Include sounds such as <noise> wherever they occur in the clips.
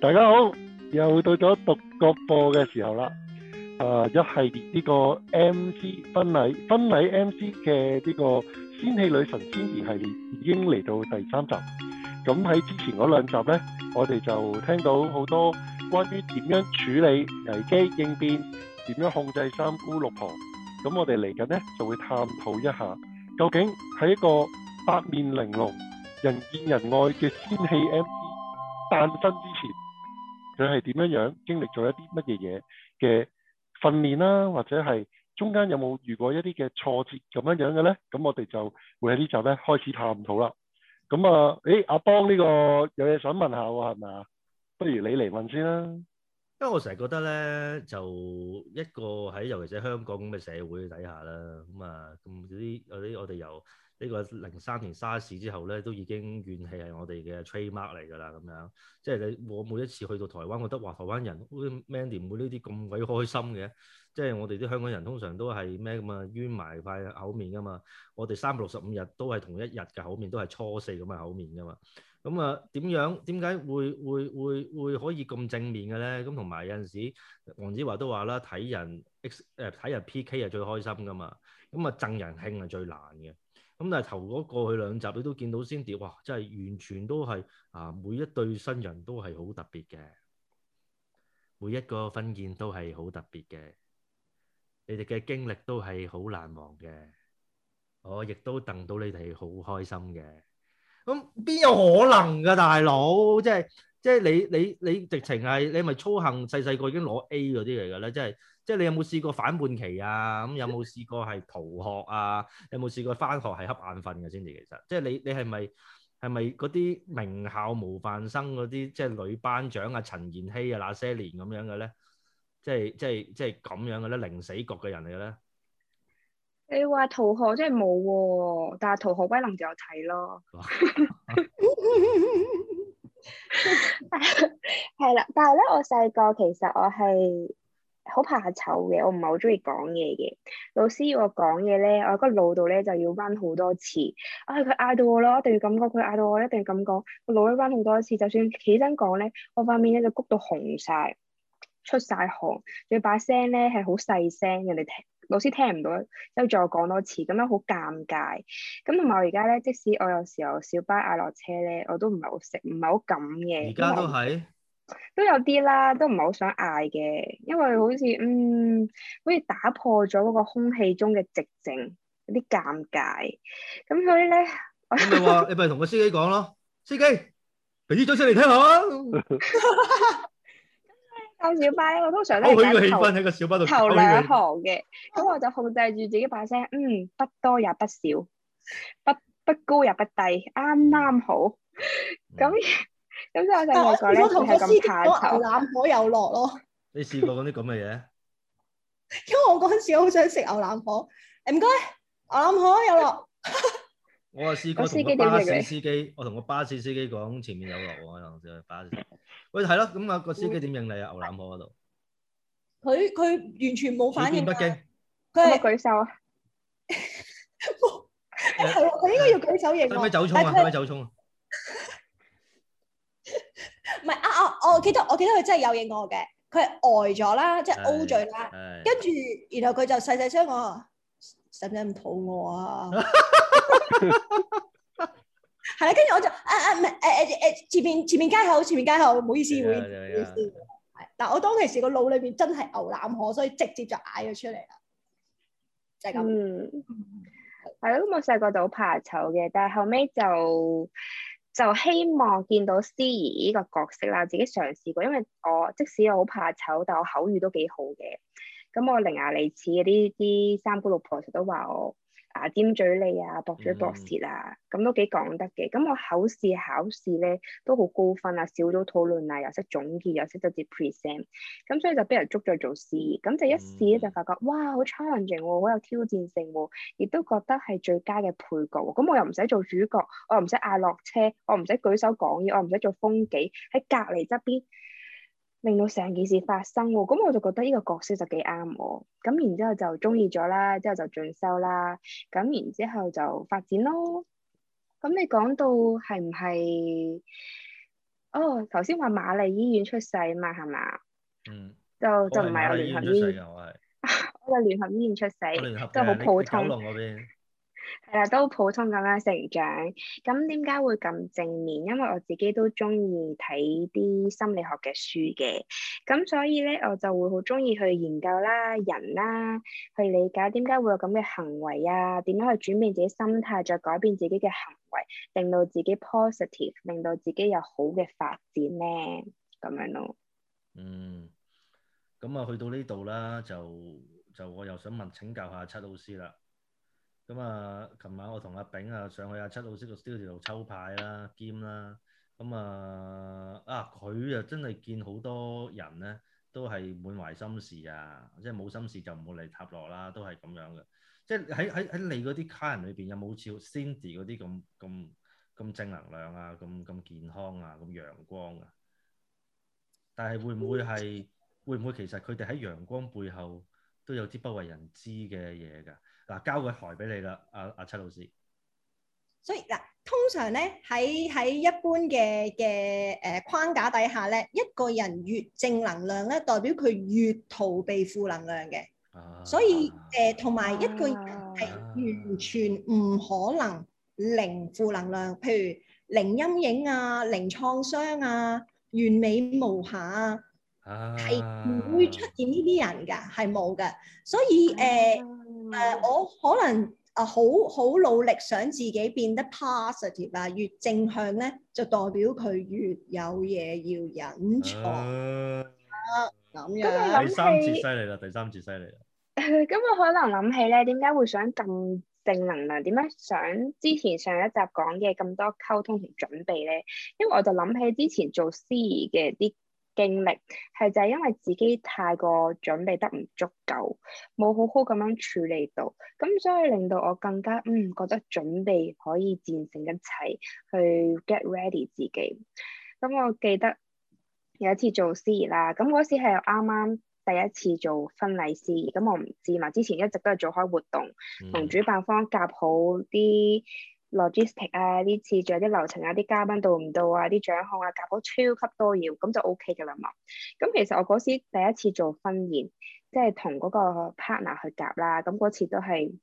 大家好，又到咗獨角播嘅時候啦。啊，一系列呢個 MC 婚禮婚禮 MC 嘅呢個仙氣女神仙兒系列已經嚟到第三集。咁喺之前兩集咧，我哋就聽到好多關於點樣處理危機應變，點樣控制三姑六婆。咁我哋嚟緊咧就會探討一下，究竟喺一個八面玲瓏、人見人愛嘅仙氣 MC 誕生之前。佢係點樣樣經歷咗一啲乜嘢嘢嘅訓練啦、啊，或者係中間有冇遇過一啲嘅挫折咁樣樣嘅咧？咁我哋就會喺呢集咧開始探討啦。咁啊，誒、欸、阿邦呢、呢個有嘢想問下喎，係咪啊？不如你嚟問先啦。因為我成日覺得咧，就一個喺尤其是香港嘅社會底下啦，咁啊咁啲嗰啲我哋又。呢個零三年沙士之後咧，都已經怨氣係我哋嘅 trademark 嚟㗎啦。咁樣即係你我每一次去到台灣，我覺得哇！台灣人 Mandy 會呢啲咁鬼開心嘅，即係我哋啲香港人通常都係咩咁啊，冤埋塊口面㗎嘛。我哋三百六十五日都係同一日嘅口面，都係初四咁嘅口面㗎嘛。咁啊，點樣點解會會會會可以咁正面嘅咧？咁同埋有陣時黃子華都話啦，睇人 X 睇人 P K 係最開心㗎嘛。咁啊，贈人慶係最難嘅。咁但係頭嗰過去兩集你都見到 Cindy，哇！真係完全都係啊，每一對新人都係好特別嘅，每一個婚宴都係好特別嘅，你哋嘅經歷都係好難忘嘅，我亦都戥到你哋好開心嘅。咁、嗯、邊有可能㗎大佬？即係即係你你你直情係你係咪操行細細個已經攞 A 嗰啲嚟㗎咧？即係。即係你有冇試過反叛期啊？咁有冇試過係逃學啊？有冇試過返學係瞌眼瞓嘅先至？其實，即係你你係咪係咪嗰啲名校模範生嗰啲，即係女班長啊、陳妍希啊、那些年咁樣嘅咧？即係即係即係咁樣嘅咧，零死角嘅人嚟嘅咧？你話逃學真係冇喎，但係逃學威龍就有睇咯。係啦，但係咧，我細個其實我係。好怕醜嘅，我唔係好中意講嘢嘅。老師要我講嘢咧，我個腦度咧就要 run 好多次。啊，佢嗌到我咯，一定要咁講，佢嗌到我一定要咁講。我腦一 run 好多次，就算起身講咧，我塊面咧就谷到紅晒，出晒汗，仲要把聲咧係好細聲，人哋聽老師聽唔到，之後再講多次，咁樣好尷尬。咁同埋我而家咧，即使我有時候小巴嗌落車咧，我都唔係好識，唔係好敢嘅。而家都係。都有啲啦，都唔係好想嗌嘅，因為好似嗯，好似打破咗嗰個空氣中嘅寂靜，有啲尷尬，咁所以咧， <laughs> 你唔係話你咪同個司機講咯，司機，俾啲走出嚟聽下，教 <laughs> <laughs> 小巴咧，我通常咧度頭兩、哦、行嘅，咁 <laughs> 我就控制住自己把聲，嗯，不多也不少，不不高也不低，啱啱好，咁。 <laughs> <laughs> <laughs> 咁就係我同個司機講牛腩火有落咯。你試過嗰啲咁嘅嘢？因為我嗰陣時好想食牛腩火。唔該，牛腩火有落。我個司機同個巴士司機，我同個巴士司機講前面有落喎。可能就係巴士喂係咯，咁啊個司機點應你啊？牛腩火嗰度，佢佢完全冇反應，佢係咪舉手啊？係佢應該要舉手應。使咪走衝啊？使唔使走衝？哦、記我記得我記得佢真係有應我嘅，佢係呆咗啦，即係 O 嘴啦，跟住然後佢就細細聲講，使唔使唔肚餓啊？係啦，跟住我就誒誒誒誒誒，前面前面街口，前面街口，唔好意思，唔好意思，係。但我當其時個腦裏邊真係牛腩河，所以直接就嗌咗出嚟啦，就係、是、咁。嗯，係咯，我細個就好怕醜嘅，但係後尾就。就希望見到司儀呢個角色啦，自己嘗試過，因為我即使我好怕醜，但我口語都幾好嘅，咁我伶牙俐齒啲啲三姑六婆都話我。牙尖嘴利啊，博咗博舌啊，咁都幾講得嘅。咁我口試考試咧都好高分啊，小組討論啊，又識總結，又識得接 present，咁所以就俾人捉咗做司儀。咁就一試咧就發覺，哇，好 challenge 喎，好有挑戰性喎，啊，亦都覺得係最佳嘅配角，啊。咁我又唔使做主角，我又唔使嗌落車，我唔使舉手講嘢，我唔使做風紀，喺隔離側邊。令到成件事發生喎，咁我就覺得呢個角色就幾啱我，咁然之後就中意咗啦，嗯、之後就進修啦，咁然之後就發展咯。咁你講到係唔係？哦，頭先話瑪麗醫院出世啊嘛，係嘛？嗯。就我 就唔係有聯合醫院。我係。我係聯合醫院出世。 <laughs> 聯合。即係好普通。係啦，都普通咁樣成長，咁點解會咁正面？因為我自己都中意睇啲心理學嘅書嘅，咁所以咧我就會好中意去研究啦人啦，去理解點解會有咁嘅行為啊，點樣去轉變自己心態，再改變自己嘅行為，令到自己 positive，令到自己有好嘅發展咧，咁樣咯。嗯，咁啊去到呢度啦，就就我又想問請教下七老師啦。咁啊，琴晚我同阿炳啊上去阿七老師度 studio 度抽牌啦、兼啦，咁啊啊佢啊真係見好多人咧，都係滿懷心事啊，即係冇心事就唔會嚟塔羅啦，都係咁樣嘅。即係喺喺喺你嗰啲客人裏邊，有冇似 Cindy 嗰啲咁咁咁正能量啊、咁咁健康啊、咁陽光啊？但係會唔會係會唔會其實佢哋喺陽光背後都有啲不為人知嘅嘢㗎？嗱，交個台俾你啦，阿、啊、阿七老師。所以嗱，通常咧喺喺一般嘅嘅誒框架底下咧，一個人越正能量咧，代表佢越逃避負能量嘅。啊、所以誒，同、呃、埋一個人係完全唔可能零負能量，譬如零陰影啊、零創傷啊、完美無瑕啊，係唔會出現呢啲人㗎，係冇嘅。所以誒。呃誒、呃，我可能啊，好、呃、好努力想自己變得 positive 啊，越正向咧，就代表佢越有嘢要隱藏。咁我諗起第三次犀利啦，第三次犀利啦。咁 <laughs> 我可能諗起咧，點解會想咁正能量？點解想之前上一集講嘅咁多溝通同準備咧？因為我就諗起之前做司儀嘅啲。經歷係就係因為自己太過準備得唔足夠，冇好好咁樣處理到，咁所以令到我更加嗯覺得準備可以戰勝一切，去 get ready 自己。咁我記得有一次做司儀啦，咁嗰時係啱啱第一次做婚禮司儀，咁我唔知嘛，之前一直都係做開活動，同主辦方夾好啲。Logistic 啊，呢次仲有啲流程啊，啲嘉賓到唔到啊，啲獎項啊，夾到超級多嘢，咁就 OK 㗎啦嘛。咁其實我嗰時第一次做婚宴，即係同嗰個 partner 去夾啦，咁嗰次都係。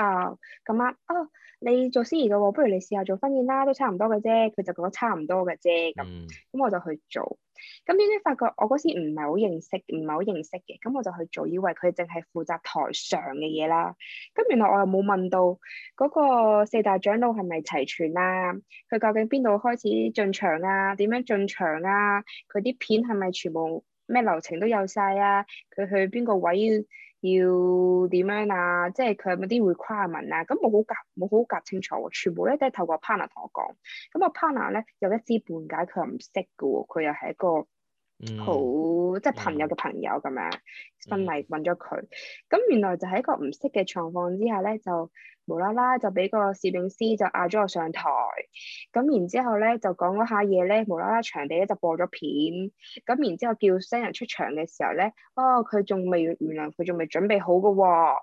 啊咁啱啊！你做司儀嘅喎、哦，不如你試下做婚宴啦，都差唔多嘅啫。佢就講差唔多嘅啫咁，咁、嗯、我就去做。咁點知發覺我嗰時唔係好認識，唔係好認識嘅。咁我就去做，以為佢淨係負責台上嘅嘢啦。咁原來我又冇問到嗰個四大長老係咪齊全啊？佢究竟邊度開始進場啊？點樣進場啊？佢啲片係咪全部咩流程都有晒啊？佢去邊個位？要點樣啊？即係佢有冇啲 requirement 啊？咁我好夾，冇好夾清楚喎、啊。全部咧都係透過 partner 同我講。咁我 partner 咧有一知半解、啊，佢又唔識嘅喎。佢又係一個好、嗯、即係朋友嘅朋友咁樣，婚禮揾咗佢。咁、嗯、原來就喺一個唔識嘅狀況之下咧，就。無啦啦就俾個攝影師就嗌咗我上台，咁然之後咧就講咗下嘢咧，無啦啦場地咧就播咗片，咁然之後叫新人出場嘅時候咧，哦，佢仲未原來，佢仲未準備好噶喎、哦，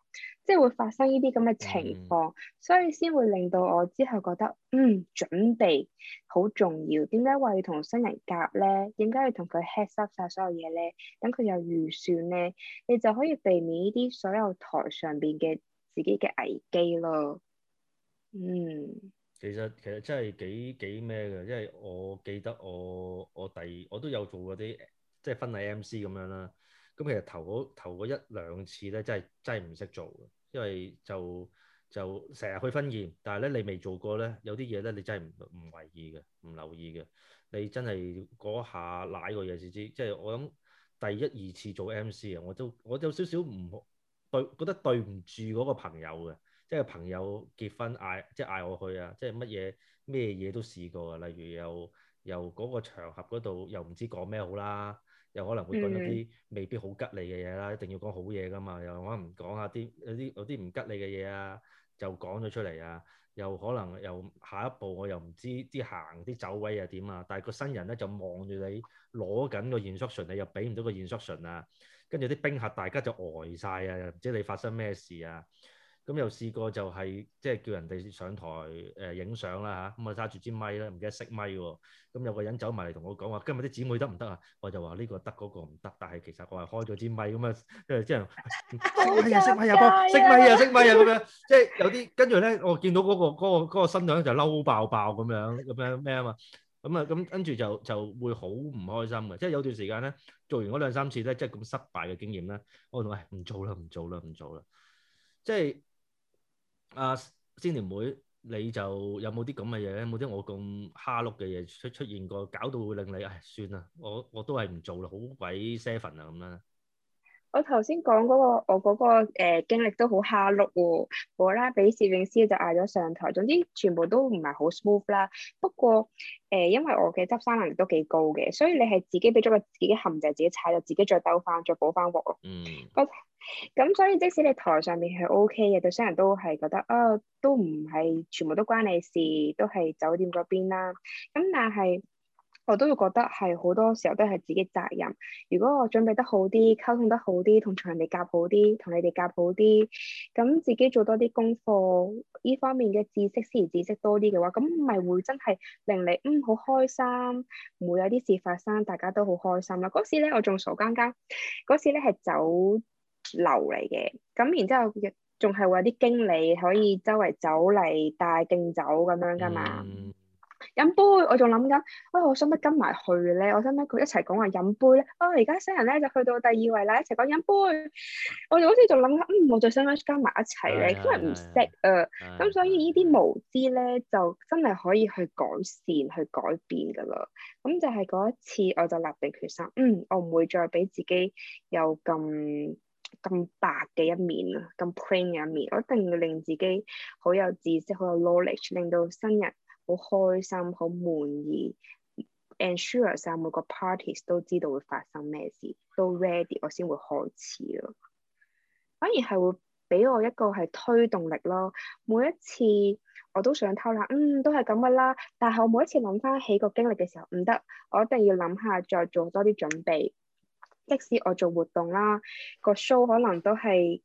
即係會發生呢啲咁嘅情況，嗯、所以先會令到我之後覺得，嗯，準備好重要，點解話要同新人夾咧？點解要同佢 head up 曬所有嘢咧？等佢有預算咧，你就可以避免呢啲所有台上邊嘅。自己嘅危機咯，嗯，其實其實真係幾幾咩嘅，因為我記得我我第我都有做嗰啲即係婚禮 MC 咁樣啦，咁其實頭嗰一兩次咧，真係真係唔識做嘅，因為就就成日去婚宴，但係咧你未做過咧，有啲嘢咧你真係唔唔為意嘅，唔留意嘅，你真係嗰下瀨過嘢先知。即係我諗第一二次做 MC 啊，我都我有少少唔。對，覺得對唔住嗰個朋友嘅，即係朋友結婚嗌，即係嗌我去啊，即係乜嘢咩嘢都試過啊，例如又由嗰個場合嗰度又唔知講咩好啦，又可能會講到啲未必好吉利嘅嘢啦，一定要講好嘢㗎嘛，又可能講下啲有啲有啲唔吉利嘅嘢啊，就講咗出嚟啊，又可能又下一步我又唔知啲行啲走位又點啊，但係個新人咧就望住你攞緊個 instruction，你又俾唔到個 instruction 啊。跟住啲賓客大家就呆曬啊！又唔知你發生咩事啊？咁又試過就係即係叫人哋上台誒影相啦嚇，咁啊揸住支咪啦，唔記得熄咪喎。咁有個人走埋嚟同我講話，今日啲姊妹得唔得啊？我就話呢個得，嗰個唔得。但係其實我係開咗支咪咁啊，即係熄咪啊，熄咪啊，熄咪啊，熄咪啊咁樣。即係有啲跟住咧，我見到嗰個嗰個嗰個新娘就嬲爆爆咁樣咁樣咩啊？咁啊，咁跟住就就會好唔開心嘅，即係有段時間咧，做完嗰兩三次咧，即係咁失敗嘅經驗咧，我同誒唔做啦，唔做啦，唔做啦，即係阿、啊、Cindy 妹，你就有冇啲咁嘅嘢咧？冇啲我咁蝦碌嘅嘢出出現過，搞到會令你唉、哎，算啦，我我都係唔做啦，好鬼 seven 啊咁樣。我頭先講嗰個我嗰、那個誒、呃、經歷都好蝦碌喎，我啦，俾攝影師就嗌咗上台，總之全部都唔係好 smooth 啦。不過誒、呃，因為我嘅執生能力都幾高嘅，所以你係自己俾咗個自己陷阱，自己踩咗，自己再兜翻，再補翻鑊咯。嗯。咁所以即使你台上面係 OK 嘅，對商人都係覺得啊、哦，都唔係全部都關你事，都係酒店嗰邊啦。咁但係，我都會覺得係好多時候都係自己責任。如果我準備得好啲，溝通得好啲，同場人哋夾好啲，同你哋夾好啲，咁自己做多啲功課，呢方面嘅知識、先知識多啲嘅話，咁咪會真係令你嗯好開心，唔會有啲事發生，大家都好開心啦。嗰時咧我仲傻更更，嗰時咧係酒樓嚟嘅，咁然之後仲係會有啲經理可以周圍走嚟帶敬酒咁樣㗎嘛。嗯。飲杯，我仲諗緊，啊、哦，我想唔得跟埋去咧，我想唔得佢一齊講話飲杯咧，啊、哦，而家新人咧就去到第二圍啦，一齊講飲杯，我就好似仲諗緊，嗯，我再想唔得加埋一齊咧，因為唔識啊，咁 <music> 所以呢啲無知咧就真係可以去改善、去改變噶啦。咁就係嗰一次，我就立定決心，嗯，我唔會再俾自己有咁咁白嘅一面啊，咁 plain 嘅一面，我一定要令自己好有知識、好有 knowledge，令到新人。好開心，好滿意，ensure 曬、啊、每個 parties 都知道會發生咩事，都 ready，我先會開始咯。反而係會俾我一個係推動力咯。每一次我都想偷懶，嗯，都係咁嘅啦。但係我每一次諗翻起個經歷嘅時候，唔得，我一定要諗下，再做多啲準備。即使我做活動啦，個 show 可能都係。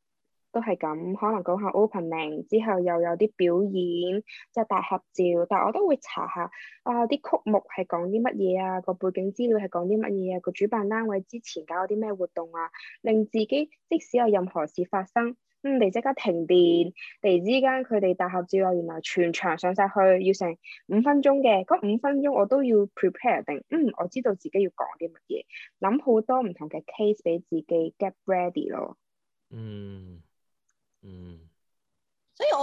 都係咁，可能講下 opening 之後又有啲表演，即係大合照。但係我都會查下啊啲曲目係講啲乜嘢啊，個背景資料係講啲乜嘢啊，個主辦單位之前搞過啲咩活動啊，令自己即使有任何事發生，嗯，你即刻停電，突然之間佢哋大合照啊，原來全場上晒去要成五分鐘嘅，嗰五分鐘我都要 prepare 定，嗯，我知道自己要講啲乜嘢，諗好多唔同嘅 case 俾自己 get ready 咯。嗯。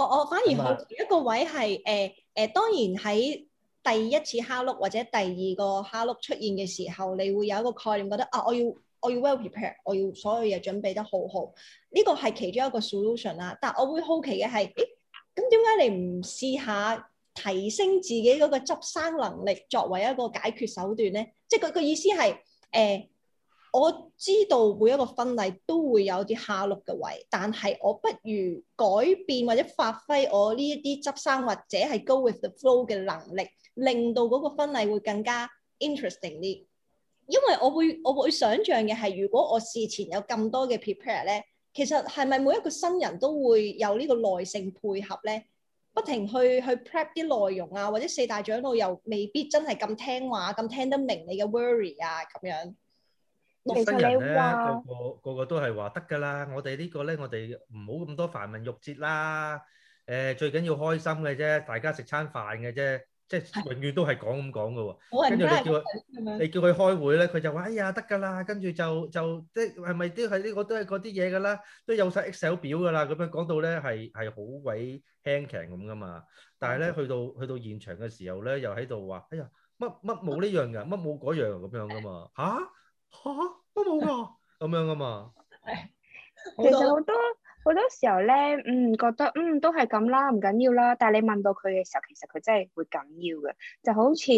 我我，哦，反而好奇一個位係，誒，呃，誒，呃，當然喺第一次哈碌或者第二個哈碌出現嘅時候，你會有一個概念覺得啊，我要我要 well prepared，我要所有嘢準備得好好。呢個係其中一個 solution 啦。但我會好奇嘅係，誒，咁點解你唔試下提升自己嗰個執生能力作為一個解決手段咧？即係佢個意思係誒。呃我知道每一個婚禮都會有啲蝦碌嘅位，但係我不如改變或者發揮我呢一啲執生或者係 go with the flow 嘅能力，令到嗰個婚禮會更加 interesting 啲。因為我會我會想象嘅係，如果我事前有咁多嘅 prepare 咧，其實係咪每一個新人都會有呢個耐性配合咧，不停去去 prep 啲內容啊，或者四大長老又未必真係咁聽話，咁聽得明你嘅 worry 啊咁樣。陌生人咧哇，個個個個都係話得噶啦。我哋呢個咧，我哋唔好咁多繁文縟節啦。誒、呃，最緊要開心嘅啫，大家食餐飯嘅啫，即係永遠都係講咁講噶喎。我唔聽。跟住你叫佢開會咧，佢就話：哎呀，得噶啦。跟住就就即係咪都係呢、呢個都係嗰啲嘢噶啦，都有晒 Excel 表噶啦。咁樣講到咧係係好鬼輕鬆咁噶嘛。但係咧對 去到去到現場嘅時候咧，又喺度話：哎呀，乜乜冇呢樣㗎，乜冇嗰樣咁樣噶嘛。嚇？吓都冇噶，咁樣噶嘛。 <laughs> 其實好多好多時候咧，嗯，覺得嗯都係咁啦，唔緊要啦。但係你問到佢嘅時候，其實佢真係會緊要嘅。就好似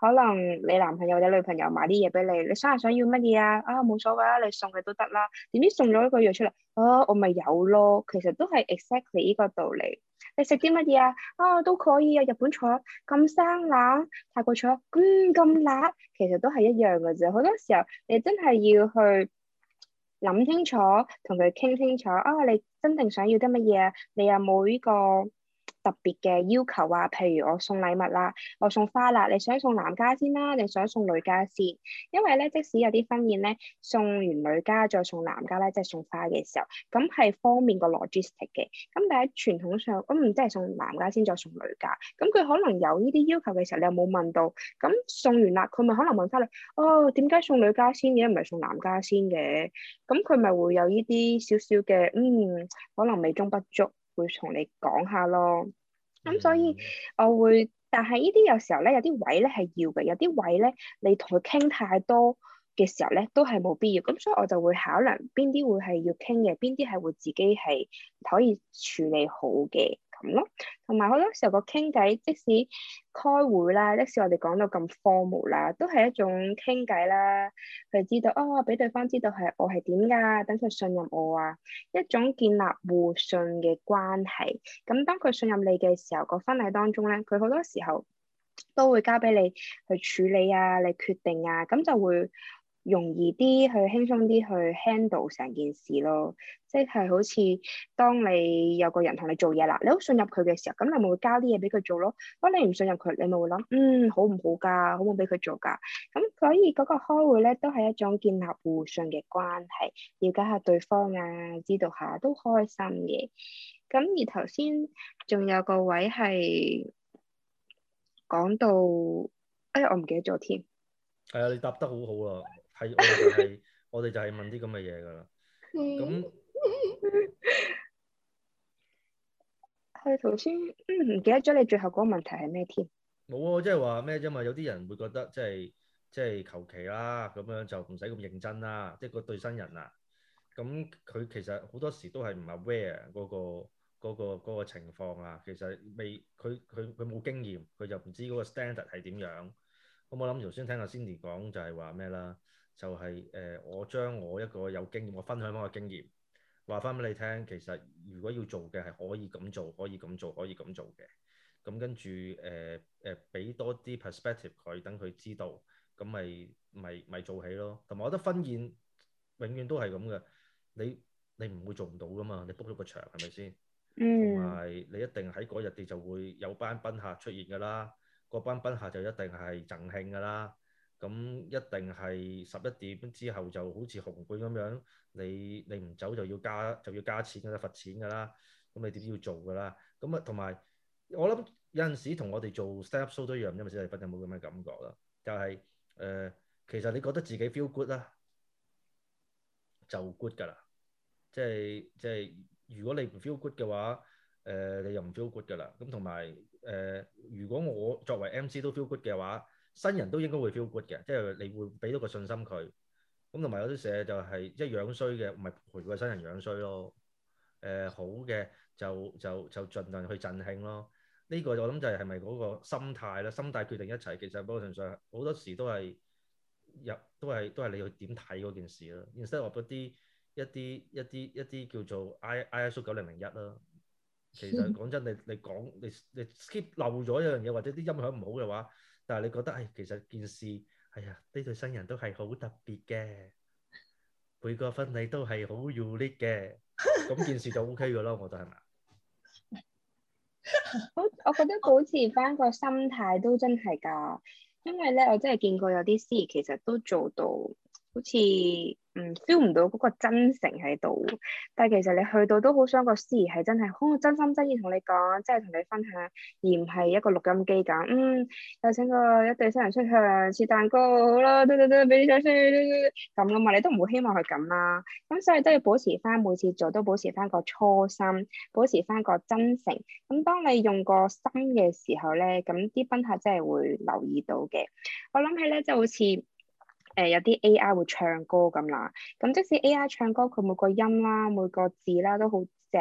可能你男朋友或者女朋友買啲嘢俾你，你想下想要乜嘢啊？啊，冇所謂啊，你送佢都得啦。點知送咗一個藥出嚟，啊，我咪有咯。其實都係 exactly 呢個道理。你食啲乜嘢啊？啊、哦、都可以啊，日本菜咁生冷，泰國菜嗯咁辣，其實都係一樣嘅啫。好多時候你真係要去諗清楚，同佢傾清楚啊、哦，你真正想要啲乜嘢啊？你有冇呢個？特別嘅要求啊，譬如我送禮物啦，我送花啦，你想送男家先啦，你想送女家先？因為咧，即使有啲婚宴咧，送完女家再送男家咧，即係送花嘅時候，咁係方便個 logistic 嘅。咁但係傳統上，唔即係送男家先再送女家，咁佢可能有呢啲要求嘅時候，你有冇問到，咁送完啦，佢咪可能問翻你，哦，點解送女家先嘅，唔係送男家先嘅？咁佢咪會有呢啲少少嘅，嗯，可能美中不足。會同你講下咯，咁所以我會，但係呢啲有時候咧，有啲位咧係要嘅，有啲位咧，你同佢傾太多嘅時候咧，都係冇必要，咁所以我就會考量邊啲會係要傾嘅，邊啲係會自己係可以處理好嘅。咯，同埋好多時候個傾偈，即使開會啦，即使我哋講到咁荒 o 啦，都係一種傾偈啦。佢知道哦，俾對方知道係我係點噶，等佢信任我啊，一種建立互信嘅關係。咁當佢信任你嘅時候，那個婚禮當中咧，佢好多時候都會交俾你去處理啊，你決定啊，咁就會，容易啲去輕鬆啲去 handle 成件事咯，即係好似當你有個人同你做嘢啦，你好信任佢嘅時候，咁你咪會交啲嘢俾佢做咯。當你唔信任佢，你咪會諗，嗯，好唔好噶，好唔好俾佢做噶。咁所以嗰個開會咧，都係一種建立互信嘅關係，瞭解下對方啊，知道下都開心嘅。咁而頭先仲有個位係講到，哎呀，我唔記得咗添。係啊、哎，你答得好好啊！係，我哋係，我哋就係問啲咁嘅嘢㗎啦。咁係頭先唔記得咗你最後嗰個問題係咩添？冇啊，即係話咩啫嘛？有啲人會覺得即係即係求其啦，咁樣就唔使咁認真啦。即係個對新人啊，咁佢其實好多時都係唔 aware 嗰個嗰個嗰個情況啊。其實未，佢佢佢冇經驗，佢就唔知嗰個 standard 係點樣。咁我諗頭先聽阿 Cindy 講就係話咩啦？就係、是、誒、呃，我將我一個有經驗，我分享翻個經驗，話翻俾你聽。其實如果要做嘅係可以咁做，可以咁做，可以咁做嘅。咁跟住誒誒，俾、呃呃、多啲 perspective 佢，等佢知道，咁咪咪咪做起咯。同埋我覺得婚宴永遠都係咁嘅，你你唔會做唔到㗎嘛？你 book 咗個場係咪先？同埋、嗯、你一定喺嗰日你就會有班賓客出現㗎啦，嗰班賓客就一定係贈慶㗎啦。咁一定係十一點之後就好似紅館咁樣，你你唔走就要加就要加錢噶啦，罰錢噶啦。咁你點要做噶啦？咁啊，同埋我諗有陣時同我哋做 stand up show 都一樣，因為小弟覺得冇咁嘅感覺啦。就係誒，其實你覺得自己 feel good 啦，就 good 噶啦。即係即係，如果你唔 feel good 嘅話，誒你又唔 feel good 噶啦。咁同埋誒，如果我作為 MC 都 feel good 嘅話，新人都應該會 feel good 嘅，即係你會俾到個信心佢咁，同埋有啲社就係、是、即係養衰嘅，唔係陪個新人養衰、呃、咯。誒好嘅就就就盡量去振興咯。呢個我諗就係係咪嗰個心態啦？心態決定一齊。其實不過純粹好多時都係入都係都係你去點睇嗰件事 i n s t 啦。而且我嗰啲一啲一啲一啲叫做 I I S O 九零零一啦，其實講真，你你講你你 keep 漏咗一樣嘢，或者啲音響唔好嘅話。但係你覺得，哎，其實件事，哎呀，呢對新人都係好特別嘅，每個婚禮都係好 unique 嘅，咁件事就 OK 噶啦，我覺得係咪？好， <laughs> 我覺得保持翻個心態都真係噶，因為咧，我真係見過有啲司儀其實都做到好似。嗯，feel 唔到嗰個真誠喺度。但係其實你去到都好想個司儀係真係好真心真意同你講，即係同你分享，而唔係一個錄音機咁。嗯，有請個一對新人出去呀切蛋糕好啦，得得得，俾啲彩宣，得咁噶嘛。你都唔會希望佢咁啦。咁所以都要保持翻每次做都保持翻個初心，保持翻個真誠。咁當你用過心嘅時候咧，咁啲賓客真係會留意到嘅。我諗起咧，就好似～誒、呃、有啲 AI 會唱歌咁啦，咁即使 AI 唱歌，佢每個音啦、每個字啦都好正，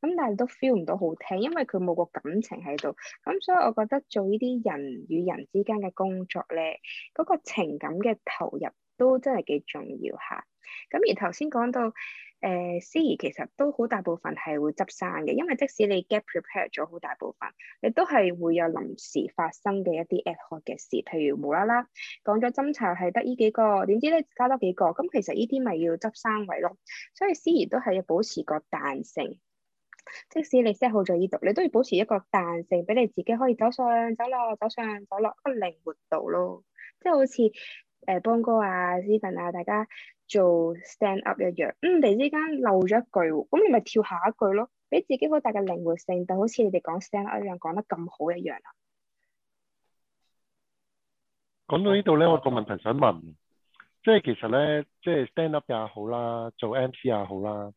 咁但係都 feel 唔到好聽，因為佢冇個感情喺度。咁所以我覺得做呢啲人與人之間嘅工作咧，嗰、嗰個情感嘅投入都真係幾重要嚇。咁而頭先講到。誒，司儀、呃、其實都好大部分係會執生嘅，因為即使你 get prepared 咗好大部分，你都係會有臨時發生嘅一啲 ad-hoc 嘅事，譬如無啦啦講咗斟茶係得依幾個，點知咧加多幾個，咁其實呢啲咪要執生位咯。所以司儀都係要保持個彈性，即使你 set 好咗依度，你都要保持一個彈性，俾你自己可以走上走落，走上走落，走走個靈活度咯。即係好似誒邦哥啊、Stephen 啊，大家，做 stand up 一樣，嗯地之間漏咗一句喎，咁你咪跳下一句咯，俾自己好大嘅靈活性，就好似你哋講 stand up 一樣講得咁好一樣啊。講到呢度咧，我個問題想問，即係其實咧，即係 stand up 也好啦，做 MC 也好啦，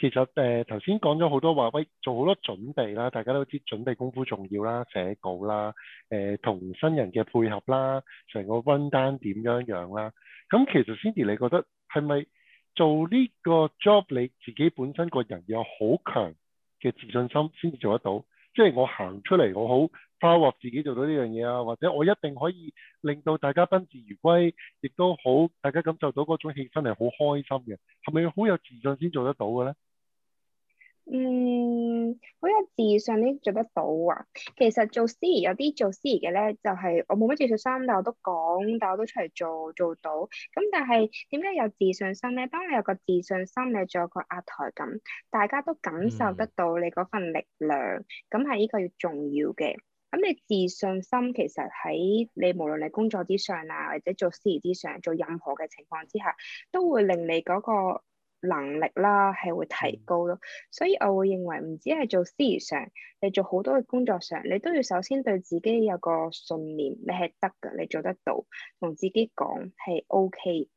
其實誒頭先講咗好多話，喂，做好多準備啦，大家都知準備功夫重要啦，寫稿啦，誒同新人嘅配合啦，成個 run down 點樣樣啦，咁其實 Cindy 你覺得？係咪做呢個 job 你自己本身個人有好強嘅自信心先至做得到？即係我行出嚟，我好 power 自己做到呢樣嘢啊！或者我一定可以令到大家賓至如歸，亦都好大家感受到嗰種氣氛係好開心嘅。係咪好有自信先做得到嘅咧？嗯，好有自信啲做得到啊。其實做司儀有啲做司儀嘅咧，就係我冇乜自信心，但我都講，但我都出嚟做做到。咁但係點解有自信心咧？當你有個自信心，你仲有一個壓台感，大家都感受得到你嗰份力量，咁係呢個要重要嘅。咁你自信心其實喺你無論你工作之上啊，或者做司儀之上做任何嘅情況之下，都會令你嗰個。能力啦，係會提高咯，嗯、所以我會認為唔止係做司儀上，你做好多嘅工作上，你都要首先對自己有個信念，你係得㗎，你做得到，同自己講，係 OK。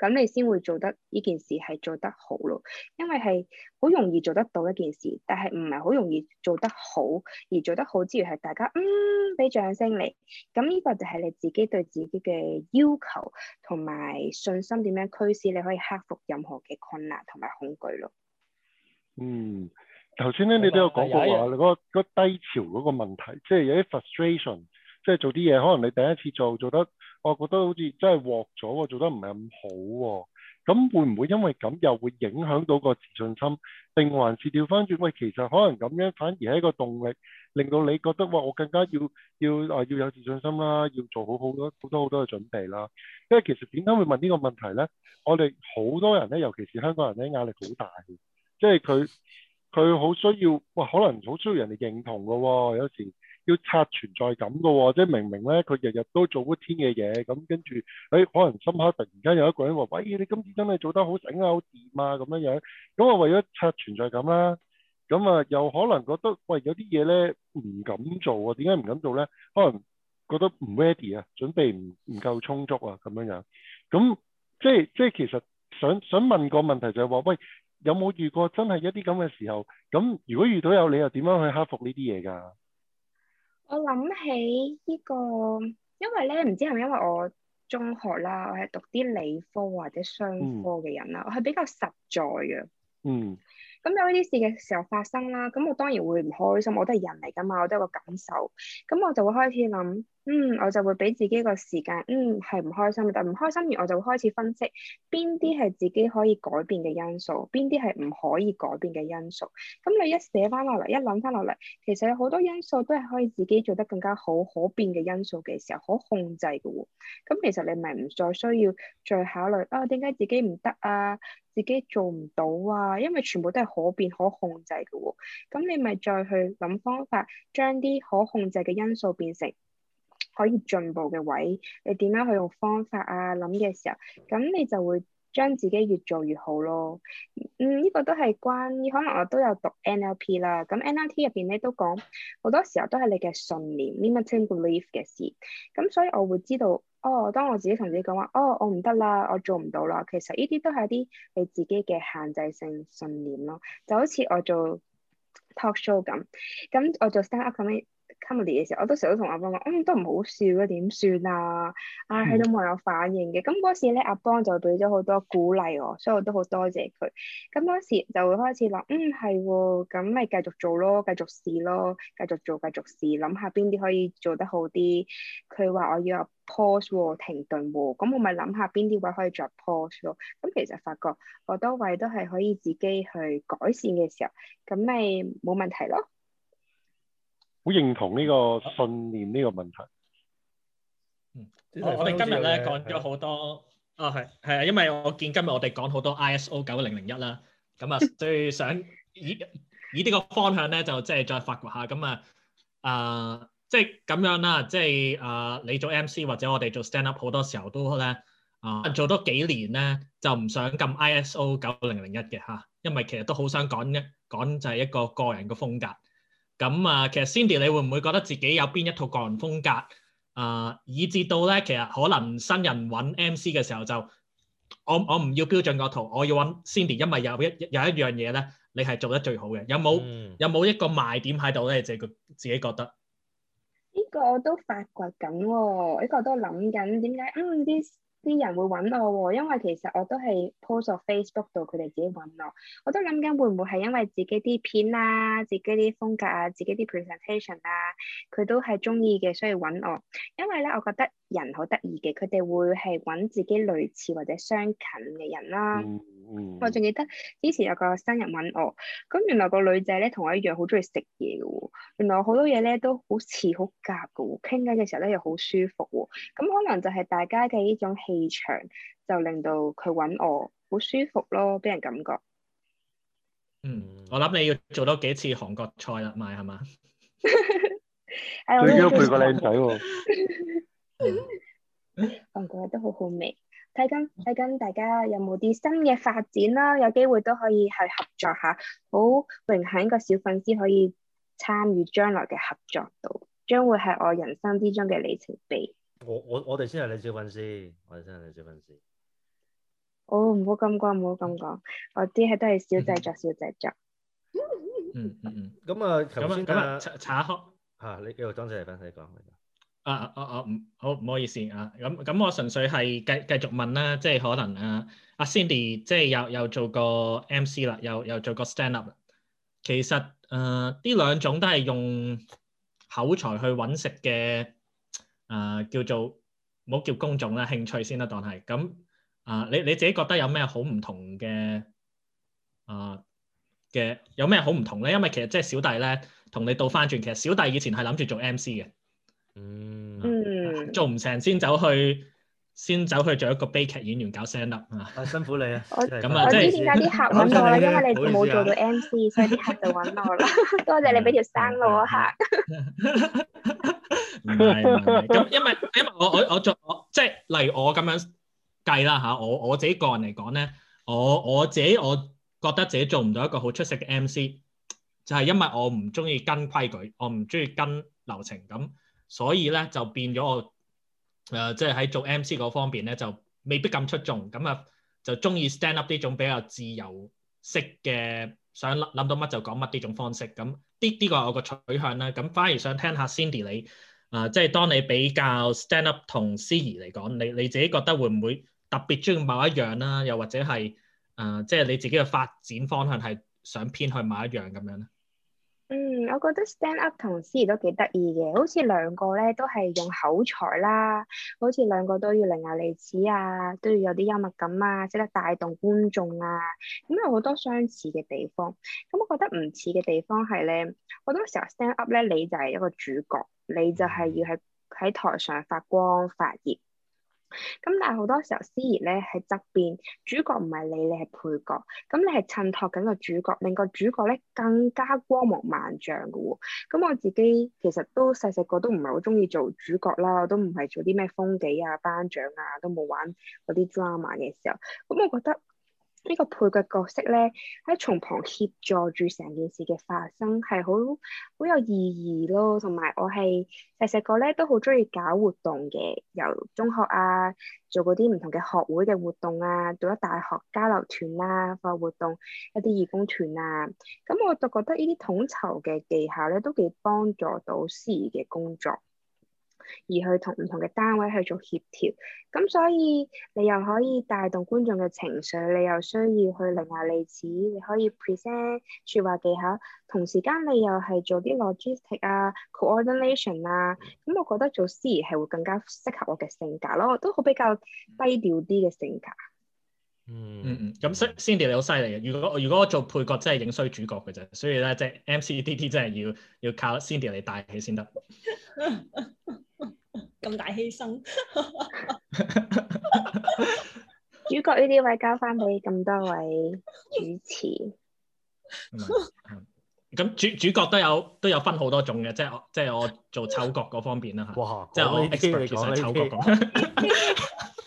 咁你先會做得呢件事係做得好咯，因為係好容易做得到一件事，但係唔係好容易做得好，而做得好之餘係大家嗯俾掌聲嚟，咁呢個就係你自己對自己嘅要求同埋信心點樣驅使你可以克服任何嘅困難同埋恐懼咯。嗯，頭先咧你都有講過話、啊，嗰、嗯嗰個嗰、嗯、低潮嗰個問題，即係有啲 frustration。即係做啲嘢，可能你第一次做做得，我覺得好似真係獲咗喎，做得唔係咁好喎、哦。咁會唔會因為咁又會影響到個自信心？定還是調翻轉？喂，其實可能咁樣反而係一個動力，令到你覺得哇，我更加要要啊要有自信心啦，要做好好多好多好多嘅準備啦。因為其實點解會問呢個問題咧？我哋好多人咧，尤其是香港人咧，壓力好大，即係佢佢好需要哇，可能好需要人哋認同㗎喎、哦，有時。要刷存在感嘅喎、哦，即係明明咧，佢日日都做嗰啲嘅嘢，咁跟住，誒、哎、可能深刻突然間有一個人話：喂，你今次真係做得好醒啊，好掂啊咁樣樣，咁啊為咗刷存在感啦，咁啊又可能覺得，喂，有啲嘢咧唔敢做啊、哦，點解唔敢做咧？可能覺得唔 ready 啊，準備唔唔夠充足啊，咁樣樣，咁即係即係其實想想問個問題就係話：喂，有冇遇過真係一啲咁嘅時候？咁如果遇到有，你又點樣去克服呢啲嘢㗎？我諗起呢個，因為咧唔知係咪因為我中學啦，我係讀啲理科或者商科嘅人啦，嗯、我係比較實在嘅。嗯。咁有呢啲事嘅時候發生啦，咁我當然會唔開心，我都係人嚟噶嘛，我都有個感受，咁我就會開始諗。嗯，我就會俾自己個時間，嗯係唔開心，但唔開心完，我就會開始分析邊啲係自己可以改變嘅因素，邊啲係唔可以改變嘅因素。咁你一寫翻落嚟，一諗翻落嚟，其實有好多因素都係可以自己做得更加好，可變嘅因素嘅時候可控制嘅喎、哦。咁其實你咪唔再需要再考慮啊，點解自己唔得啊，自己做唔到啊？因為全部都係可變可控制嘅喎、哦。咁你咪再去諗方法，將啲可控制嘅因素變成。可以進步嘅位，你點樣去用方法啊？諗嘅時候，咁你就會將自己越做越好咯。嗯，呢、這個都係關於，可能我都有讀 NLP 啦。咁 NLP 入邊咧都講好多時候都係你嘅信念 limiting belief 嘅事。咁所以我會知道，哦，當我自己同自己講話，哦，我唔得啦，我做唔到啦。其實呢啲都係啲你自己嘅限制性信念咯。就好似我做 talk show 咁，咁我做 stand up 咁嘅時候，我當時都同阿邦講，嗯，都唔好笑啊，點算啊？啊，喺度冇有反應嘅。咁嗰時咧，阿邦就俾咗好多鼓勵我，所以我都好多謝佢。咁嗰時就會開始諗，嗯，係喎，咁咪繼續做咯，繼續試咯，繼續做，繼續試，諗下邊啲可以做得好啲。佢話我要有 pause 喎，停頓喎，咁我咪諗下邊啲位可以做 pause 咯。咁其實發覺好多位都係可以自己去改善嘅時候，咁咪冇問題咯。好認同呢個信念呢個問題。嗯，我哋今日咧，講咗好多，嗯、啊係係，因為我見今日我哋講好多 ISO 九零零一啦，咁啊，所以想以 <laughs> 以呢個方向咧，就即係再發掘下，咁啊，啊，即係咁樣啦，即係啊，你做 MC 或者我哋做 stand up 好多時候都咧啊，做多幾年咧就唔想咁 ISO 九零零一嘅吓，因為其實都好想講一講就係一個個人嘅風格。咁啊，其實 Cindy，你會唔會覺得自己有邊一套個人風格啊、呃？以至到咧，其實可能新人揾 MC 嘅時候就，我我唔要標準個圖，我要揾 Cindy，因為有一有一樣嘢咧，你係做得最好嘅，有冇有冇、嗯、一個賣點喺度咧？你自己自己覺得，呢個我都發掘緊喎、啊，呢、這個都諗緊，點解嗯啲，啲人會揾我喎，因為其實我都係 post 咗 Facebook 度，佢哋自己揾我。我都諗緊會唔會係因為自己啲片啦、啊、自己啲風格啊、自己啲 presentation 啊，佢都係中意嘅，所以揾我。因為咧，我覺得人好得意嘅，佢哋會係揾自己類似或者相近嘅人啦。Mm hmm. 我仲記得之前有個新人揾我，咁原來個女仔咧同我一樣好中意食嘢嘅喎，原來好多嘢咧都好似好夾嘅喎，傾緊嘅時候咧又好舒服喎、哦。咁可能就係大家嘅呢種。氣場就令到佢揾我好舒服咯，俾人感覺。嗯，我諗你要做多幾次韓國菜啦，咪係嘛？佢要配個靚仔喎。韓國嘢都好好味。睇緊，睇緊大家有冇啲新嘅發展啦，有機會都可以去合作下。好榮幸一個小粉絲可以參與將來嘅合作度，將會係我人生之中嘅里程碑。我我我哋先係你小粉絲，我哋先係你小粉絲。哦，唔好咁講，唔好咁講。我啲係、oh, 都係小製作，小製作。嗯嗯 <laughs> 嗯。咁、嗯、啊，頭咁啊，查一開。吓，你繼續裝飾你講，你講。啊啊啊啊，唔好，唔好意思啊。咁咁，我純粹係繼繼續問啦，即係可能啊，阿、啊、Cindy 即係又又做過 MC 啦，又又做過 stand up。其實誒，呢、呃、兩種都係用口才去揾食嘅。啊，叫做唔好叫公眾啦，興趣先啦，當係咁啊！你你自己覺得有咩好唔同嘅啊，嘅有咩好唔同咧？因為其實即係小弟咧，同你倒翻轉，其實小弟以前係諗住做 MC 嘅，嗯，做唔成先走去先走去做一個悲劇演員搞 Stand up、嗯、辛苦你啊！我我知點解啲客揾我，因為你就冇做到 MC，所以啲客就揾我啦，多謝你俾條生路啊，客。唔係咁，因為因為我我我做即係、就是、例如我咁樣計啦嚇。我我自己個人嚟講咧，我我自己我覺得自己做唔到一個好出色嘅 M C，就係因為我唔中意跟規矩，我唔中意跟流程咁，所以咧就變咗我誒，即係喺做 M C 嗰方面咧就未必咁出眾咁啊。就中意 stand up 呢種比較自由式嘅，想諗到乜就講乜呢種方式咁。呢呢個係我個取向啦。咁反而想聽下 Cindy 你。啊，即係當你比較 stand up 同司儀嚟講，你你自己覺得會唔會特別鍾意某一樣啦？又或者係啊、呃，即係你自己嘅發展方向係想偏去某一樣咁樣咧？嗯，我覺得 stand up 同司儀都幾得意嘅，好似兩個咧都係用口才啦，好似兩個都要伶牙俐齒啊，都要有啲幽默感啊，識得帶動觀眾啊，咁、嗯、有好多相似嘅地方。咁我覺得唔似嘅地方係咧，我覺得好多時候 stand up 咧，你就係一個主角，你就係要喺喺台上發光發熱。咁但係好多時候司呢，司儀咧喺側邊，主角唔係你，你係配角，咁你係襯托緊個主角，令個主角咧更加光芒萬丈噶喎。咁我自己其實都細細個都唔係好中意做主角啦，我都唔係做啲咩風紀啊、頒獎啊，都冇玩嗰啲 drama 嘅時候，咁我覺得。呢個配嘅角，角色咧，喺從旁協助住成件事嘅發生，係好好有意義咯。同埋我係細細個咧都好中意搞活動嘅，由中學啊做嗰啲唔同嘅學會嘅活動啊，到咗大學交流團啊課外活動，一啲義工團啊，咁我就覺得呢啲統籌嘅技巧咧都幾幫助到司儀嘅工作。而去同唔同嘅單位去做協調，咁所以你又可以帶動觀眾嘅情緒，你又需要去伶牙俐齒，你可以 present 説話技巧，同時間你又係做啲 logistic 啊、coordination 啊，咁我覺得做司儀係會更加適合我嘅性格咯，都好比較低調啲嘅性格。嗯嗯嗯，咁 Cindy 你好犀利嘅。如果我如果我做配角，真係影衰主角嘅啫。所以咧，即係 MCDD 真係要要靠 Cindy 嚟帶起先得。咁大犧牲。 <laughs> <laughs> 主角呢啲位交翻俾咁多位主持。咁 <laughs> <laughs> 主主角都有都有分好多種嘅，即係我即係我做丑角嗰方面啦。哇！即係我經驗講角啲、嗯。OK <laughs>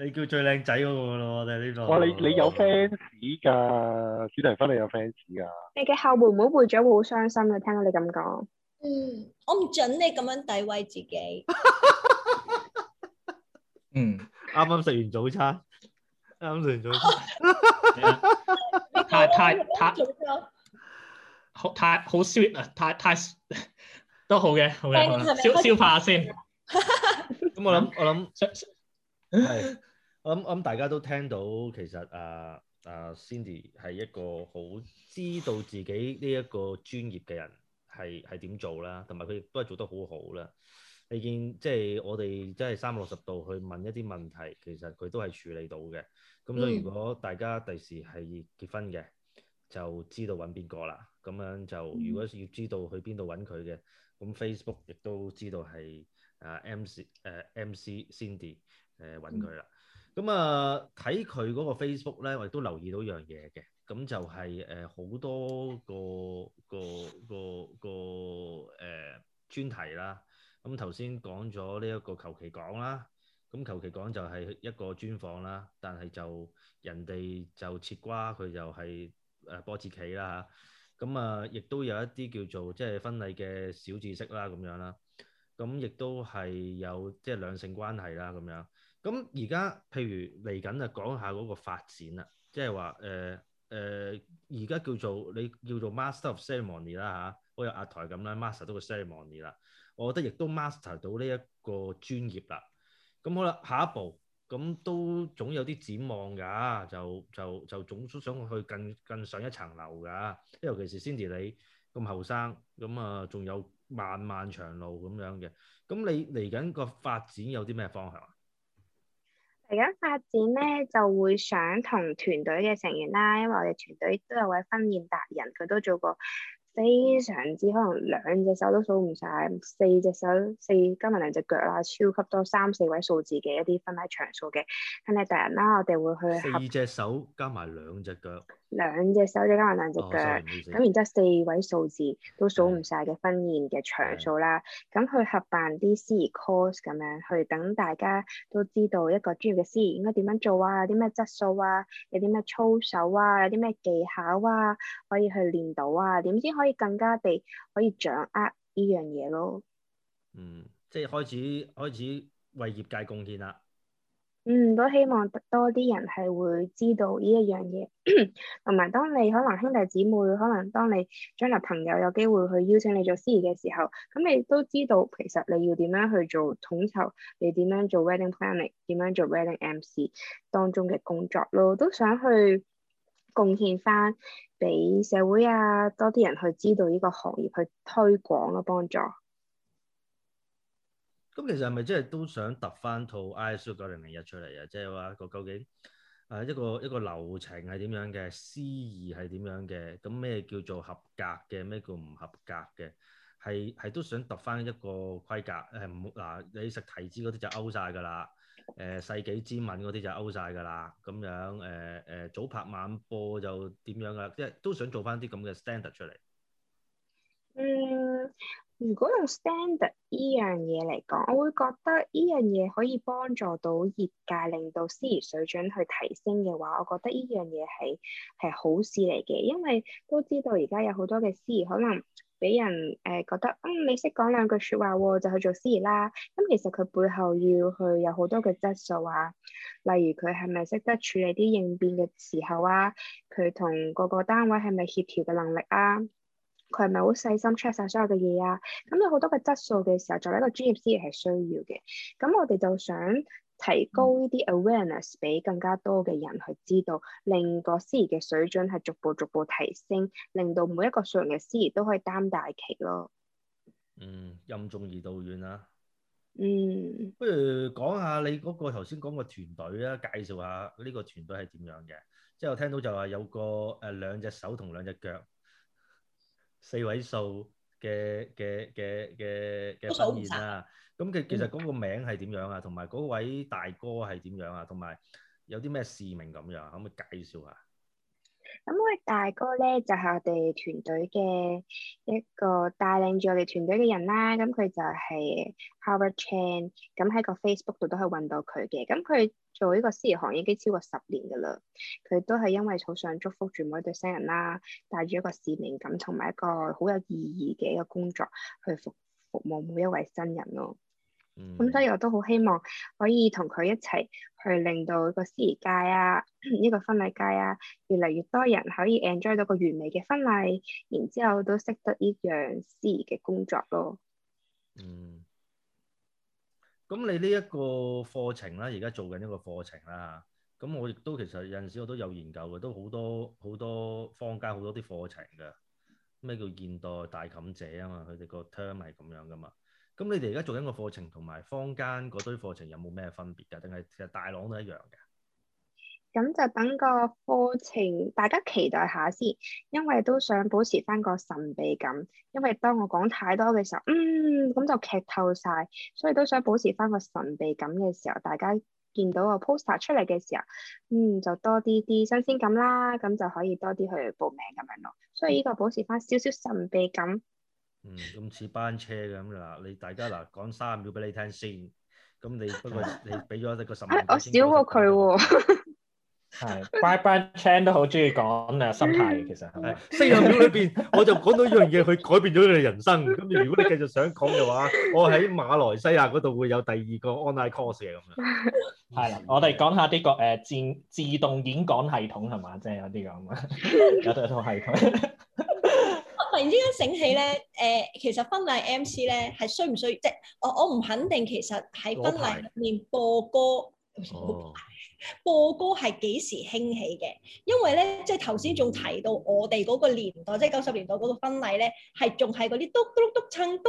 你叫最靚仔嗰個咯，我哋呢度。哇，你你有 fans 噶，主題分你有 fans 噶。你嘅後援會會長會好傷心嘅，聽到你咁講。嗯，我唔准你咁樣詆毀自己。嗯，啱啱食完早餐，啱食完早餐。太太太好，太好 sweet 啊！太太都好嘅，好嘅。消消化先。咁我諗，我諗係。我諗、嗯嗯，大家都聽到，其實啊啊 Cindy 係一個好知道自己呢一個專業嘅人，係係點做啦，同埋佢亦都係做得好好啦。你見即係我哋即係三六十度去問一啲問題，其實佢都係處理到嘅。咁所以如果大家第時係結婚嘅，就知道揾邊個啦。咁樣就如果要知道去邊度揾佢嘅，咁 Facebook 亦都知道係啊 MC 誒、啊、MC Cindy 誒揾佢啦。咁啊，睇佢嗰個 Facebook 咧，我亦都留意到一樣嘢嘅。咁就係誒好多個個個個誒、呃、專題啦。咁頭先講咗呢一個求其講啦。咁求其講就係一個專訪啦，但係就人哋就切瓜，佢就係誒波子棋啦嚇。咁啊，亦都有一啲叫做即係、就是、婚禮嘅小知識啦咁樣啦。咁亦都係有即係、就是、兩性關係啦咁樣。咁而家，譬如嚟緊啊，講下嗰個發展啦，即係話誒誒，而家，呃，呃，叫做你叫做 master of ceremony 啦、啊、嚇，好似阿台咁啦，master 到個 ceremony 啦，我覺得亦都 master 到呢一個專業啦。咁好啦，下一步咁都總有啲展望㗎，就就就總想想去更更上一層樓㗎。尤其是 Cindy 你咁後生，咁啊仲有漫漫長路咁樣嘅。咁你嚟緊個發展有啲咩方向？而家發展咧，就會想同團隊嘅成員啦，因為我哋團隊都有位婚宴達人，佢都做過非常之可能兩隻手都數唔晒，四隻手四加埋兩隻腳啦，超級多三四位數字嘅一啲婚禮場數嘅婚宴達人啦，我哋會去。四隻手加埋兩隻腳。兩隻手再加埋兩隻腳，咁、哦、然之後四位數字都數唔晒嘅婚宴嘅場數啦。咁去合辦啲司儀 course 咁樣，去等大家都知道一個專業嘅司儀應該點樣做啊？有啲咩質素啊？有啲咩操守啊？有啲咩技巧啊？可以去練到啊？點先可以更加地可以掌握呢樣嘢咯？嗯，即係開始開始為業界貢獻啦。嗯，都希望多啲人係會知道呢一樣嘢，同埋 <coughs> 當你可能兄弟姊妹，可能當你將來朋友有機會去邀請你做司儀嘅時候，咁你都知道其實你要點樣去做統籌，你點樣做 wedding planning，點樣做 wedding MC 當中嘅工作咯，都想去貢獻翻俾社會啊，多啲人去知道呢個行業去推廣咯，幫助。咁其實係咪即係都想揼翻套 ISO 九零零一出嚟啊？即係話個究竟誒一個一個流程係點樣嘅？司儀係點樣嘅？咁咩叫做合格嘅？咩叫唔合格嘅？係係都想揼翻一個規格誒？唔嗱，你食提子嗰啲就勾晒㗎啦，誒、呃、世紀之吻嗰啲就勾晒㗎啦，咁樣誒誒、呃、早拍晚播就點樣啦？即係都想做翻啲咁嘅 standard 出嚟。嗯。如果用 standard 呢樣嘢嚟講，我會覺得呢樣嘢可以幫助到業界令到司儀水準去提升嘅話，我覺得呢樣嘢係係好事嚟嘅，因為都知道而家有好多嘅司儀可能俾人誒、呃、覺得，嗯，你識講兩句説話喎就去做司儀啦。咁其實佢背後要去有好多嘅質素啊，例如佢係咪識得處理啲應變嘅時候啊，佢同各個單位係咪協調嘅能力啊？佢係咪好細心 check 晒所有嘅嘢啊？咁有好多嘅質素嘅時候，作為一個專業司儀係需要嘅。咁我哋就想提高呢啲 awareness，俾更加多嘅人去知道，令個司儀嘅水準係逐步逐步提升，令到每一個上嘅司儀都可以擔大旗咯。嗯，任重而道遠啊。嗯，不如講下你嗰個頭先講個團隊啊，介紹下呢個團隊係點樣嘅。即係我聽到就話有個誒兩隻手同兩隻腳。四位數嘅嘅嘅嘅嘅表現啦，咁其其實嗰個名係點樣啊？同埋嗰位大哥係點樣啊？同埋有啲咩使命咁樣啊？可唔可以介紹下？咁嗰位大哥咧就係我哋團隊嘅一個帶領住我哋團隊嘅人啦，咁佢就係 Howard Chan，咁喺個 Facebook 度都可以揾到佢嘅，咁佢。做呢個司儀行業已經超過十年㗎啦，佢都係因為好想祝福住每對新人啦，帶住一個使命感同埋一個好有意義嘅一個工作去服服務每一位新人咯。咁、嗯、所以我都好希望可以同佢一齊去令到個司儀界啊，呢個婚禮界啊，越嚟越多人可以 enjoy 到個完美嘅婚禮，然之後都識得呢樣司儀嘅工作咯。嗯。咁你呢一個課程啦，而家做緊呢個課程啦，咁我亦都其實有陣時我都有研究嘅，都好多好多坊間好多啲課程嘅，咩叫現代大妗姐啊嘛，佢哋個 term 係咁樣噶嘛。咁你哋而家做緊個課程同埋坊間嗰堆課程有冇咩分別㗎？定係其實大綱都一樣嘅？咁就等個課程，大家期待下先，因為都想保持翻個神秘感。因為當我講太多嘅時候，嗯，咁就劇透晒，所以都想保持翻個神秘感嘅時候，大家見到個 poster 出嚟嘅時候，嗯，就多啲啲新鮮感啦，咁就可以多啲去報名咁樣咯。所以呢個保持翻少少神秘感，嗯，咁似班車咁噶啦。你大家嗱，講三十秒俾你聽先，咁你不過你俾咗一個十秒、 <laughs> 哎，我少過佢喎。 <laughs> 係，Brian Chan 都好中意講啊心態，其實係四十秒裏邊，我就講到一樣嘢，去改變咗你嘅人生。咁如果你繼續想講嘅話，我喺馬來西亞嗰度會有第二個 online course 嘅。咁樣。係啦，我哋講下呢，這個誒自自動演講系統係嘛，即係有啲咁啊，有得一套系統。就是這個、 <laughs> <laughs> 我突然之間醒起咧，誒、呃，其實婚禮 M C 咧係需唔需即係我我唔肯定，其實喺婚禮入面播歌。 <laughs> 播歌係幾時興起嘅？因為咧，即係頭先仲提到我哋嗰個年代，即係九十年代嗰個婚禮咧，係仲係嗰啲嘟嘟嘟唱，篤篤篤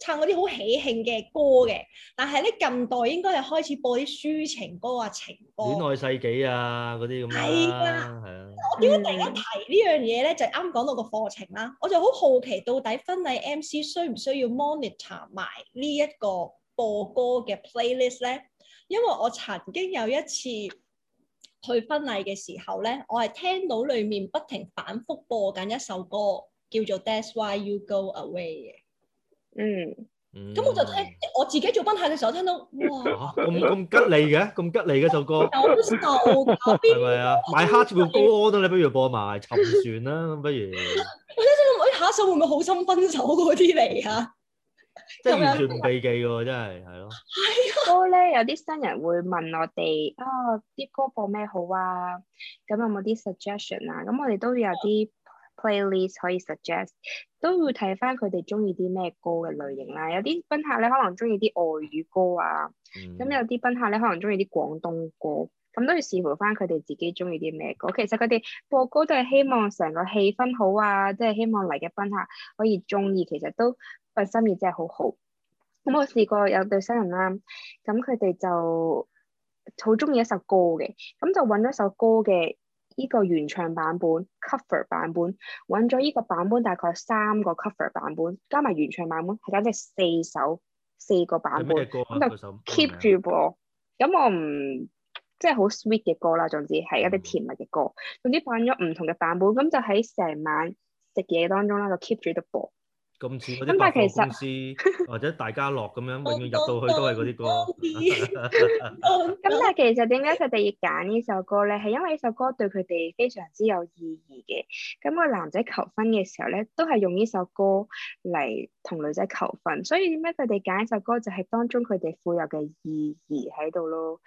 唱嗰啲好喜慶嘅歌嘅。但係咧，近代應該係開始播啲抒情歌啊、情歌、戀愛世紀啊嗰啲咁。係噶，係啊。我點解突然間提呢樣嘢咧？就啱講到個課程啦，我就好好奇到底婚禮 MC 需唔需要 monitor 埋呢一個播歌嘅 playlist 咧？因為我曾經有一次去婚禮嘅時候咧，我係聽到裡面不停反覆播緊一首歌，叫做《That's Why You Go Away》。嗯，咁、嗯、我就聽我自己做婚禮嘅時候聽到，哇，咁咁吉利嘅，咁吉利嘅首歌。手手邊係咪啊？My heart will go on 啦、啊，你不如播埋沉船啦，不如。 <laughs> 我喺度諗，下一首會唔會好心分手嗰啲嚟嚇？即係完全唔避忌嘅。 <laughs> 真係係咯。歌咧，有啲新人會問我哋啊，啲、哦、歌播咩好啊？咁有冇啲 suggestion 啊？咁我哋都有啲 playlist 可以 suggest，都要睇翻佢哋中意啲咩歌嘅類型啦。有啲賓客咧，可能中意啲外語歌啊，咁、嗯、有啲賓客咧，可能中意啲廣東歌，咁都要視乎翻佢哋自己中意啲咩歌。其實佢哋播歌都係希望成個氣氛好啊，即、就、係、是、希望嚟嘅賓客可以中意。其實都。個心意真係好好。咁我試過有對新人啦、啊，咁佢哋就好中意一首歌嘅，咁就揾咗首歌嘅依個原唱版本、cover 版本，揾咗依個版本大概三個 cover 版本，加埋原唱版本，係簡直四首四個版本。咁就、啊、keep 住播。咁我唔即係好 sweet 嘅歌啦，總之係、嗯、一啲甜蜜嘅歌。總之放咗唔同嘅版本，咁就喺成晚食嘢當中啦，就 keep 住得播。咁但係其實，或者大家樂咁樣永遠入到去都係嗰啲歌。咁 <laughs> 但係其實點解佢哋要揀呢首歌咧？係因為呢首歌對佢哋非常之有意義嘅。咁個男仔求婚嘅時候咧，都係用呢首歌嚟同女仔求婚，所以點解佢哋揀一首歌？就係當中佢哋富有嘅意義喺度咯。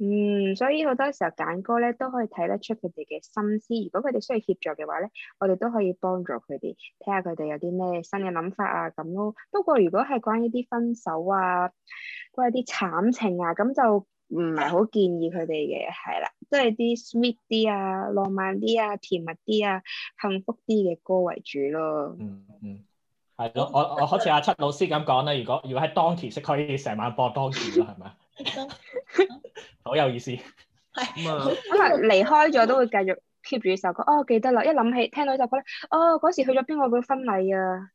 嗯，所以好多時候揀歌咧都可以睇得出佢哋嘅心思。如果佢哋需要協助嘅話咧，我哋都可以幫助佢哋，睇下佢哋有啲咩新嘅諗法啊咁咯。不過如果係關於啲分手啊，關於啲慘情啊，咁就唔係好建議佢哋嘅係啦，都係啲 sweet 啲啊、浪漫啲啊、甜蜜啲啊、幸福啲嘅歌為主咯。嗯嗯，係、嗯、咯，我我好似阿七老師咁講啦，如果如果喺當期識，可以成晚播當時啦，係咪？ <laughs> 好 <laughs> 有意思，咁啊、 <laughs> 嗯，咁啊，離開咗都會繼續 keep 住、呢、首歌，哦，記得啦，一諗起聽到就覺得，哦，嗰時去咗邊個嘅婚禮啊，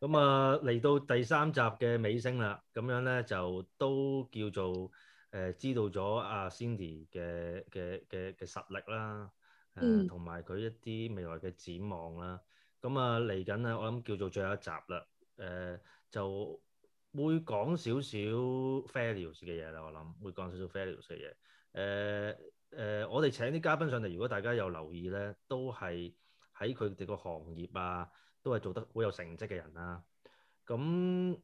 咁 <laughs> 啊，嚟到第三集嘅尾聲啦，咁樣咧就都叫做誒、呃，知道咗阿 Cindy 嘅嘅嘅嘅實力啦，誒、呃，同埋佢一啲未來嘅展望啦，咁啊，嚟、嗯、緊啊，我諗叫做最後一集啦，誒、呃呃，就。會講少少 values 嘅嘢啦，我諗會講少少 values 嘅嘢。誒、呃、誒、呃，我哋請啲嘉賓上嚟，如果大家有留意咧，都係喺佢哋個行業啊，都係做得好有成績嘅人啦、啊。咁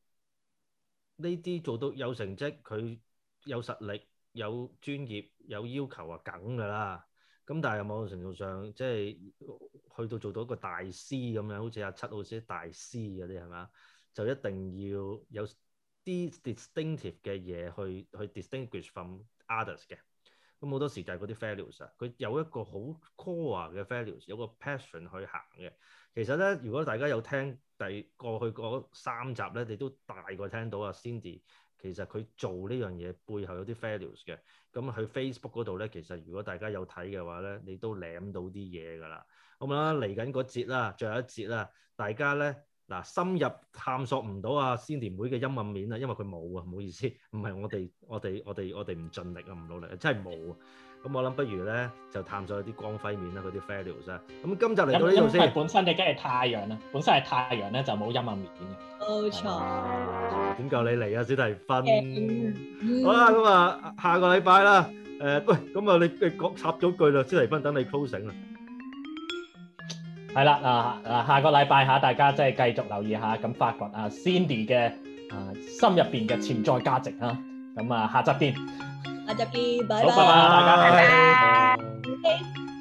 呢啲做到有成績，佢有實力、有專業、有要求啊，梗㗎啦。咁但係某程度上，即係去到做到一個大師咁樣，好似阿七老師大師嗰啲係咪就一定要有啲 distinctive 嘅嘢去去 distinguish from others 嘅，咁好多時就係嗰啲 values。佢有一個好 core 嘅 values，有個 passion 去行嘅。其實咧，如果大家有聽第過，過去嗰三集咧，你都大概聽到阿 Cindy 其實佢做呢樣嘢背後有啲 values 嘅。咁喺 Facebook 嗰度咧，其實如果大家有睇嘅話咧，你都舐到啲嘢㗎啦。咁啦，嚟緊嗰節啦，最後一節啦，大家咧。嗱，深入探索唔到阿 Cindy 妹嘅陰暗面啊，因為佢冇啊，唔好意思，唔係我哋我哋我哋我哋唔盡力啊，唔努力啊，真係冇啊。咁我諗不如咧就探索啲光輝面啦，嗰啲 failures。咁今集嚟到呢度先。因為本身你梗係太陽啦，本身係太陽咧就冇陰暗面嘅。冇錯。點夠你嚟啊，小提芬？好啦，咁啊下個禮拜啦。誒喂，咁啊你你插咗句啦，小提芬，等你 closing 啦。係啦，啊啊，下個禮拜吓，大家即係繼續留意下，咁發掘啊 Cindy 嘅啊心入面嘅潛在價值啊，咁啊下集見，下集見，拜拜，大家再見。